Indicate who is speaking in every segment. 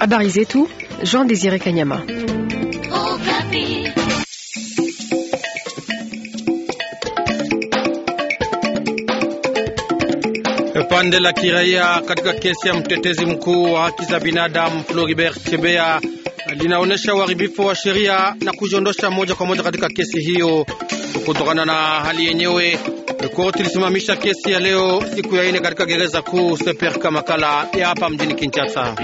Speaker 1: Habari zetu Jean Désiré Kanyama. Oh, Pande la kiraia katika kesi ya mtetezi mkuu wa haki za binadamu Floribert chebea linaonesha uharibifu wa sheria na kujiondosha moja kwa moja katika kesi hiyo. Kutokana na hali yenyewe, Korti ilisimamisha kesi ya leo siku ya ine katika gereza kuu Seperka Makala ya hapa mjini Kinshasa.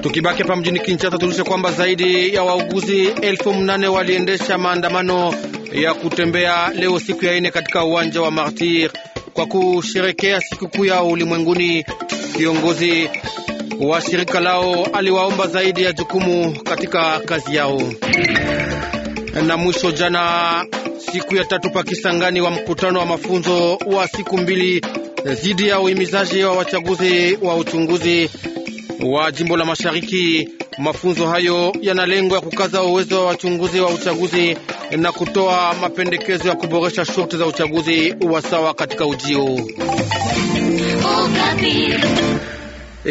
Speaker 1: Tukibaki hapa mjini Kinshasa, tulishe kwamba zaidi ya wauguzi elfu mnane waliendesha maandamano ya kutembea leo siku ya ine katika uwanja wa Martir kwa kusherekea sikukuu yao ulimwenguni. Kiongozi wa shirika lao aliwaomba zaidi ya jukumu katika kazi yao. Na mwisho jana siku ya tatu pa Kisangani wa mkutano wa mafunzo wa siku mbili dhidi ya uhimizaji wa wachaguzi wa uchunguzi wa jimbo la Mashariki. Mafunzo hayo yana lengo ya kukaza uwezo wa wachunguzi wa uchaguzi na kutoa mapendekezo ya kuboresha shurti za uchaguzi wa sawa katika ujio.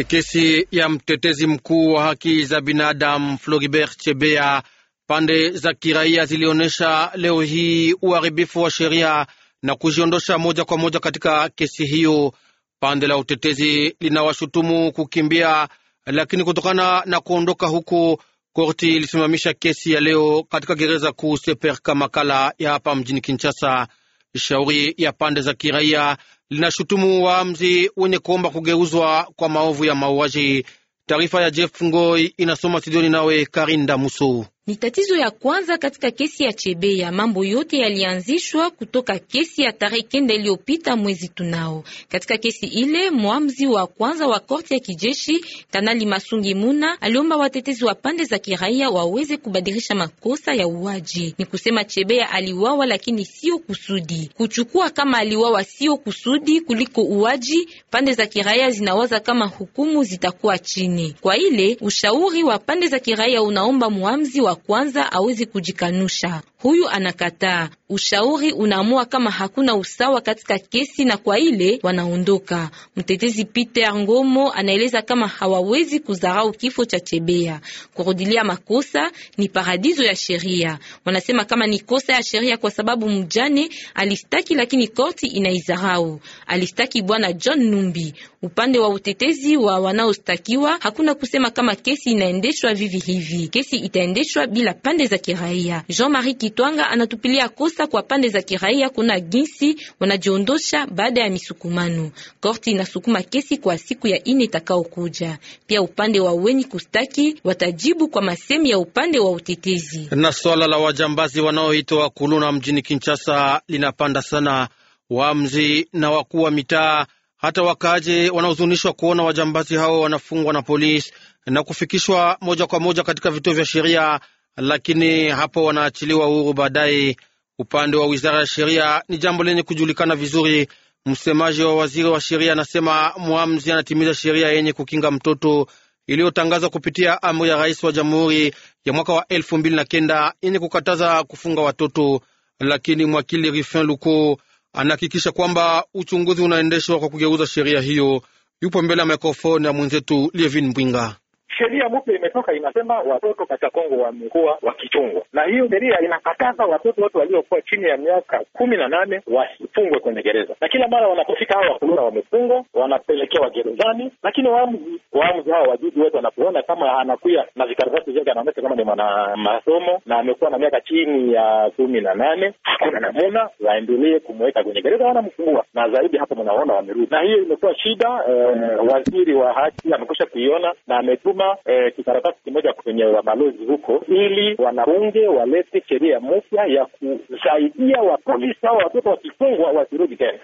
Speaker 1: Kesi ya mtetezi mkuu wa haki za binadamu Floribert Chebea Pande za kiraia zilionyesha leo hii uharibifu wa sheria na kujiondosha moja kwa moja katika kesi hiyo. Pande la utetezi linawashutumu kukimbia, lakini kutokana na kuondoka huko, korti ilisimamisha kesi ya leo katika gereza kuu Seperka Makala ya hapa mjini Kinshasa. Shauri ya pande za kiraia linashutumu waamzi wenye kuomba kugeuzwa kwa maovu ya mauaji. Taarifa ya Jeff Ngoi inasoma studioni, nawe Karinda Musu
Speaker 2: ni tatizo ya kwanza katika kesi ya Chebeya. Mambo yote yalianzishwa kutoka kesi ya tarehe kenda iliyopita mwezi tunao. Katika kesi ile, mwamzi wa kwanza wa korti ya kijeshi Kanali Masungi Muna aliomba watetezi wa pande za kiraia waweze kubadilisha makosa ya uwaji, ni kusema Chebeya aliwawa lakini sio kusudi, kuchukua kama aliwawa sio kusudi kuliko uwaji. Pande za kiraia zinawaza kama hukumu zitakuwa chini kwa ile ushauri wa pande za kiraia unaomba mwamzi wa kwanza awezi kujikanusha. Huyu anakataa ushauri, unaamua kama hakuna usawa katika kesi na kwa ile wanaondoka. Mtetezi Peter Ngomo anaeleza kama hawawezi kudharau kifo cha Chebea. Kurudilia makosa ni paradizo ya sheria. Wanasema kama ni kosa ya sheria kwa sababu mjane alistaki, lakini korti inaidharau. Alistaki bwana John Numbi. Upande wa utetezi wa wanaostakiwa hakuna kusema kama kesi inaendeshwa vivi hivi. Kesi itaendeshwa kuendeshwa bila pande za kiraia. Jean-Marie Kitwanga anatupilia kosa kwa pande za kiraia kuna ginsi wanajiondosha baada ya misukumano. Korti inasukuma kesi kwa siku ya ine itakaokuja. Pia upande wa wenye kustaki watajibu kwa masemi ya upande wa utetezi.
Speaker 1: Na swala la wajambazi wanaoitwa kuluna mjini Kinshasa linapanda sana. Waamzi na wakuu wa mitaa hata wakaaje wanahuzunishwa kuona wajambazi hao wanafungwa na polisi na kufikishwa moja kwa moja katika vituo vya sheria, lakini hapo wanaachiliwa huru baadaye. Upande wa wizara ya sheria ni jambo lenye kujulikana vizuri. Msemaji wa waziri wa sheria anasema mwamzi anatimiza sheria yenye kukinga mtoto iliyotangazwa kupitia amri ya rais wa jamhuri ya mwaka wa elfu mbili na kenda yenye kukataza kufunga watoto, lakini mwakili Rifin Luko anahakikisha kwamba uchunguzi unaendeshwa kwa kugeuza sheria hiyo. Yupo mbele ya mikrofoni ya mwenzetu Lievin Mbwinga sheria mpya imetoka inasema watoto katika Kongo wamekuwa wakichungwa, na hiyo sheria inakataza watoto wote waliokuwa chini ya miaka kumi na nane wasifungwe kwenye gereza, na kila mara wanapofika hao wakulura wamefungwa wanapelekewa gerezani, lakini waamuzi waamuzi hao wajuji wetu wanapoona kama anakuya na vikaratasi vyake anaonyesha kama ni mwana masomo na amekuwa na miaka chini ya kumi na nane, hakuna namuna, waendelee kumweka kwenye gereza, wanamfungua na zaidi hapo mnaona wamerudi, na hiyo imekuwa shida. Eh, waziri wa haki amekusha kuiona na ametuma eh, kikaratasi kimoja kwenye mabalozi huko, ili wanabunge walete sheria mpya ya kusaidia wapolisi au watoto wakifungwa wasirudi tena.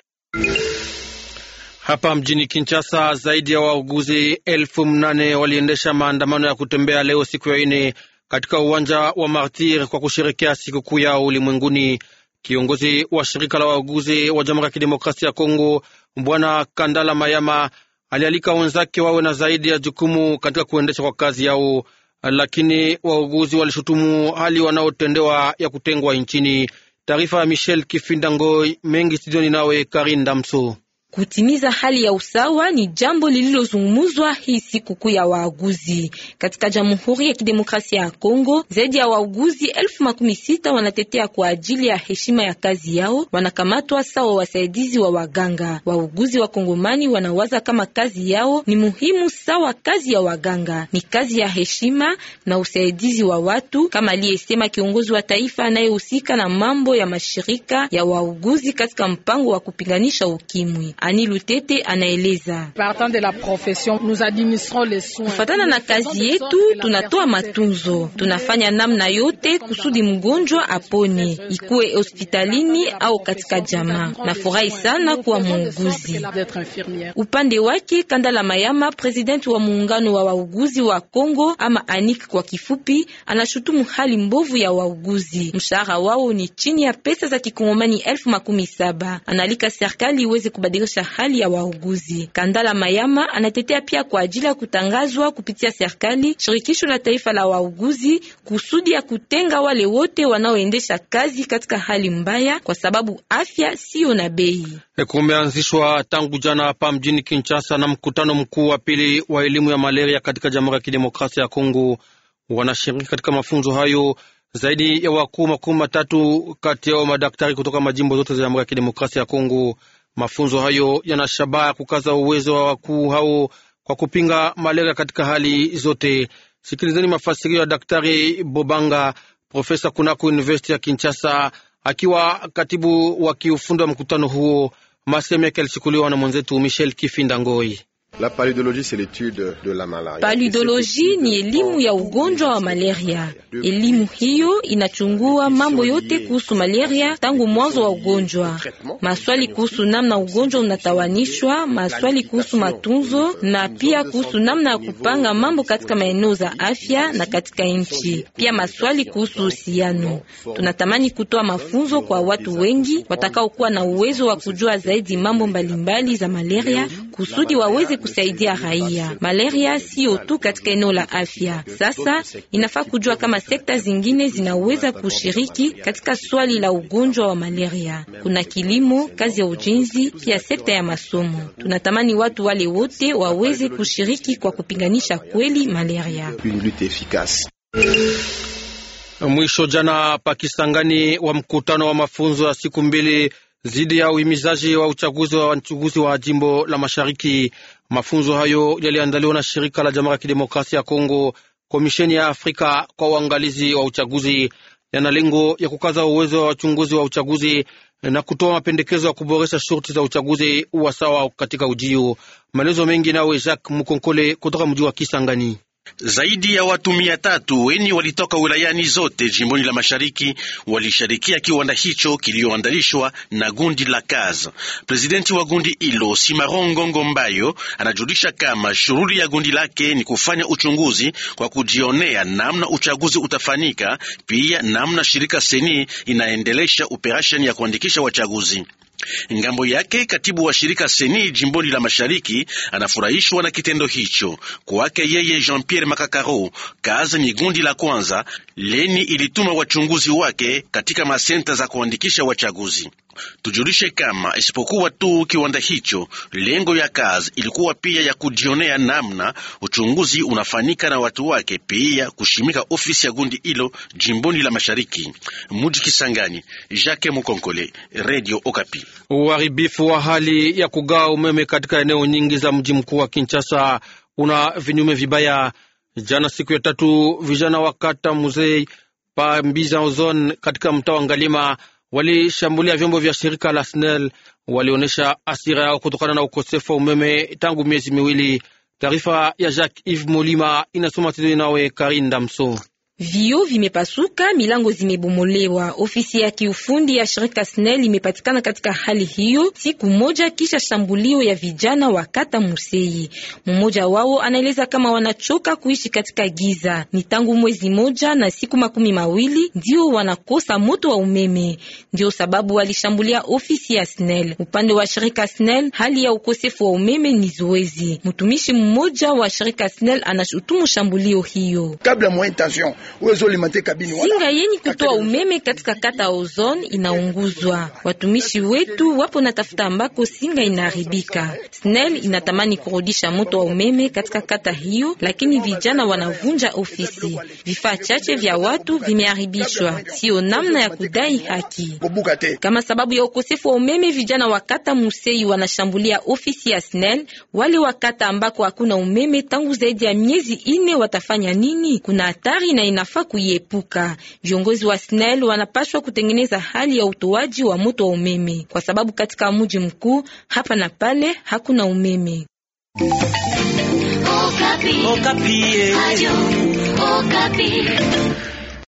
Speaker 1: Hapa mjini Kinshasa, zaidi ya wauguzi elfu mnane waliendesha maandamano ya kutembea leo siku ya ine katika uwanja wa Martir kwa kusherekea sikukuu yao ulimwenguni. Kiongozi wa shirika la wauguzi wa Jamhuri ya Kidemokrasia ya Kongo Bwana Kandala Mayama alialika wenzake wawe na zaidi ya jukumu katika kuendesha kwa kazi yao, lakini wauguzi walishutumu hali wanaotendewa ya kutengwa nchini. Taarifa ya Michel kifindangoi mengi studioni, nawe karin damso
Speaker 2: Kutimiza hali ya usawa ni jambo lililozungumzwa hii sikukuu ya waaguzi katika Jamhuri ya Kidemokrasia ya Kongo. Zaidi ya wauguzi elfu makumi sita wanatetea kwa ajili ya heshima ya kazi yao, wanakamatwa sawa wasaidizi wa waganga. Wauguzi wa Kongomani wanawaza kama kazi yao ni muhimu sawa kazi ya waganga, ni kazi ya heshima na usaidizi wa watu, kama aliyesema kiongozi wa taifa anayehusika na mambo ya mashirika ya wauguzi katika mpango wa kupinganisha ukimwi. Ani Lutete anaeleza. Kufatana na kazi yetu, tunatoa matunzo, tunafanya namna yote kusudi mgonjwa aponi ikuwe hospitalini au katika jamaa. Nafurahi sana kuwa muuguzi. Upande wake la Mayama, president wa muungano wa wauguzi wa Kongo ama ANIK kwa kifupi, anashutumu hali mbovu ya wauguzi. Mshahara wao ni chini ya pesa za kikongomani elfu makumi saba. Analika serikali iweze kubadilisha kuboresha hali ya wauguzi. Kandala Mayama anatetea pia kwa ajili ya kutangazwa kupitia serikali shirikisho la taifa la wauguzi kusudi ya kutenga wale wote wanaoendesha kazi katika hali mbaya, kwa sababu afya siyo na bei.
Speaker 1: E, kumeanzishwa tangu jana hapa mjini Kinshasa na mkutano mkuu wa pili wa elimu ya malaria katika Jamhuri ya Kidemokrasia ya Kongo. Wanashiriki katika mafunzo hayo zaidi ya wakuu makumi matatu, kati yao madaktari kutoka majimbo zote za Jamhuri ya Kidemokrasia ya Kongo. Mafunzo hayo yana shabaha ya kukaza uwezo wa wakuu hao kwa kupinga malaria katika hali zote. Sikilizeni mafasirio ya Daktari Bobanga, profesa kunako University ya Kinshasa, akiwa katibu wa kiufundi wa mkutano huo. Masemi yake alichukuliwa na mwenzetu Michel Kifinda Ngoi. La paludologie, c'est l'étude de la malaria.
Speaker 2: Paludologie ni elimu ya ugonjwa wa malaria. Elimu hiyo inachungua mambo yote kuhusu malaria tangu mwanzo wa ugonjwa, maswali kuhusu namna ugonjwa unatawanishwa, maswali kuhusu matunzo na pia kuhusu namna ya kupanga mambo katika maeneo za afya na katika nchi, pia maswali kuhusu uhusiano. Tunatamani kutoa mafunzo kwa watu wengi watakaokuwa na uwezo wa kujua zaidi mambo mbalimbali mbali za malaria kusudi waweze kusaidia raia. Malaria sio tu katika eneo la afya. Sasa inafaa kujua kama sekta zingine zinaweza kushiriki katika swali la ugonjwa wa malaria. Kuna kilimo, kazi ya ujenzi, pia sekta ya masomo. Tunatamani watu wale wote waweze kushiriki kwa kupinganisha kweli malaria.
Speaker 1: Mwisho jana Pakistangani wa mkutano wa mafunzo ya siku mbili dhidi ya uhimizaji wa uchaguzi wa uchaguzi wa jimbo la mashariki Mafunzo hayo yaliandaliwa na shirika la Jamhuri ya Kidemokrasia ya Kongo, Komisheni ya Afrika kwa uangalizi wa uchaguzi, yana lengo ya kukaza uwezo wa wachunguzi wa uchaguzi na kutoa mapendekezo ya kuboresha shurti za uchaguzi wa sawa katika ujio. Maelezo mengi nawe Jacques Mukonkole kutoka mji wa Kisangani. Zaidi ya watu mia tatu wenye walitoka wilayani zote jimboni la mashariki walisharikia kiwanda hicho kilioandalishwa na gundi la Kaza. Presidenti wa gundi hilo ngongo mbayo anajulisha kama shughuli ya gundi lake ni kufanya uchunguzi kwa kujionea namna uchaguzi utafanika, pia namna shirika seni inaendelesha operesheni ya kuandikisha wachaguzi. Ngambo yake katibu wa shirika Seni jimboni la mashariki anafurahishwa na kitendo hicho. Kwake yeye, Jean Pierre Makakaro, kazi ni gundi la kwanza leni ilituma wachunguzi wake katika masenta za kuandikisha wachaguzi. Tujulishe kama isipokuwa tu kiwanda hicho, lengo ya kazi ilikuwa pia ya kujionea namna uchunguzi unafanyika na watu wake, pia kushimika ofisi ya gundi hilo jimboni la mashariki. Muji Kisangani, Jacques Mukonkole, Radio Okapi. Uharibifu wa hali ya kugawa umeme katika eneo nyingi za mji mkuu wa Kinshasa una vinyume vibaya. Jana siku ya tatu, vijana wa kata Muzei pa Mbiza Ozon katika mtaa wa Ngalima walishambulia vyombo vya shirika la SNEL. Walionyesha asira yao kutokana na ukosefu wa umeme tangu miezi miwili. Taarifa ya Jacques Yves Molima inasoma tizoni nawe karin damso vio
Speaker 2: vimepasuka, milango zimebomolewa. Ofisi ya kiufundi ya shirika SNEL imepatikana katika hali hiyo siku moja kisha shambulio ya vijana wa kata Musei. Mmoja wao anaeleza kama wanachoka kuishi katika giza, ni tangu mwezi moja na siku makumi mawili ndio wanakosa moto wa umeme, ndio sababu walishambulia ofisi ya SNEL. Upande wa shirika SNEL, hali ya ukosefu wa umeme ni zoezi. Mtumishi mmoja wa shirika SNEL anashutumu shambulio hiyo
Speaker 1: kabla uwezo limate kabini wala singa
Speaker 2: yenye kutoa umeme katika kata ozone inaunguzwa. Watumishi wetu wapo natafuta tafuta ambako singa inaharibika. SNEL inatamani kurudisha moto wa umeme katika kata hiyo, lakini vijana wanavunja ofisi, vifaa chache vya watu vimeharibishwa. Sio namna ya kudai haki. Kama sababu ya ukosefu wa umeme, vijana wa kata Musei wanashambulia ofisi ya SNEL. Wale wa kata ambako hakuna umeme tangu zaidi ya miezi ine watafanya nini? Kuna hatari na tunafaa kuiepuka. Viongozi wa SNEL wanapaswa kutengeneza hali ya utoaji wa moto wa umeme, kwa sababu katika mji mkuu hapa na pale hakuna umeme.
Speaker 1: Okapi. Okapi.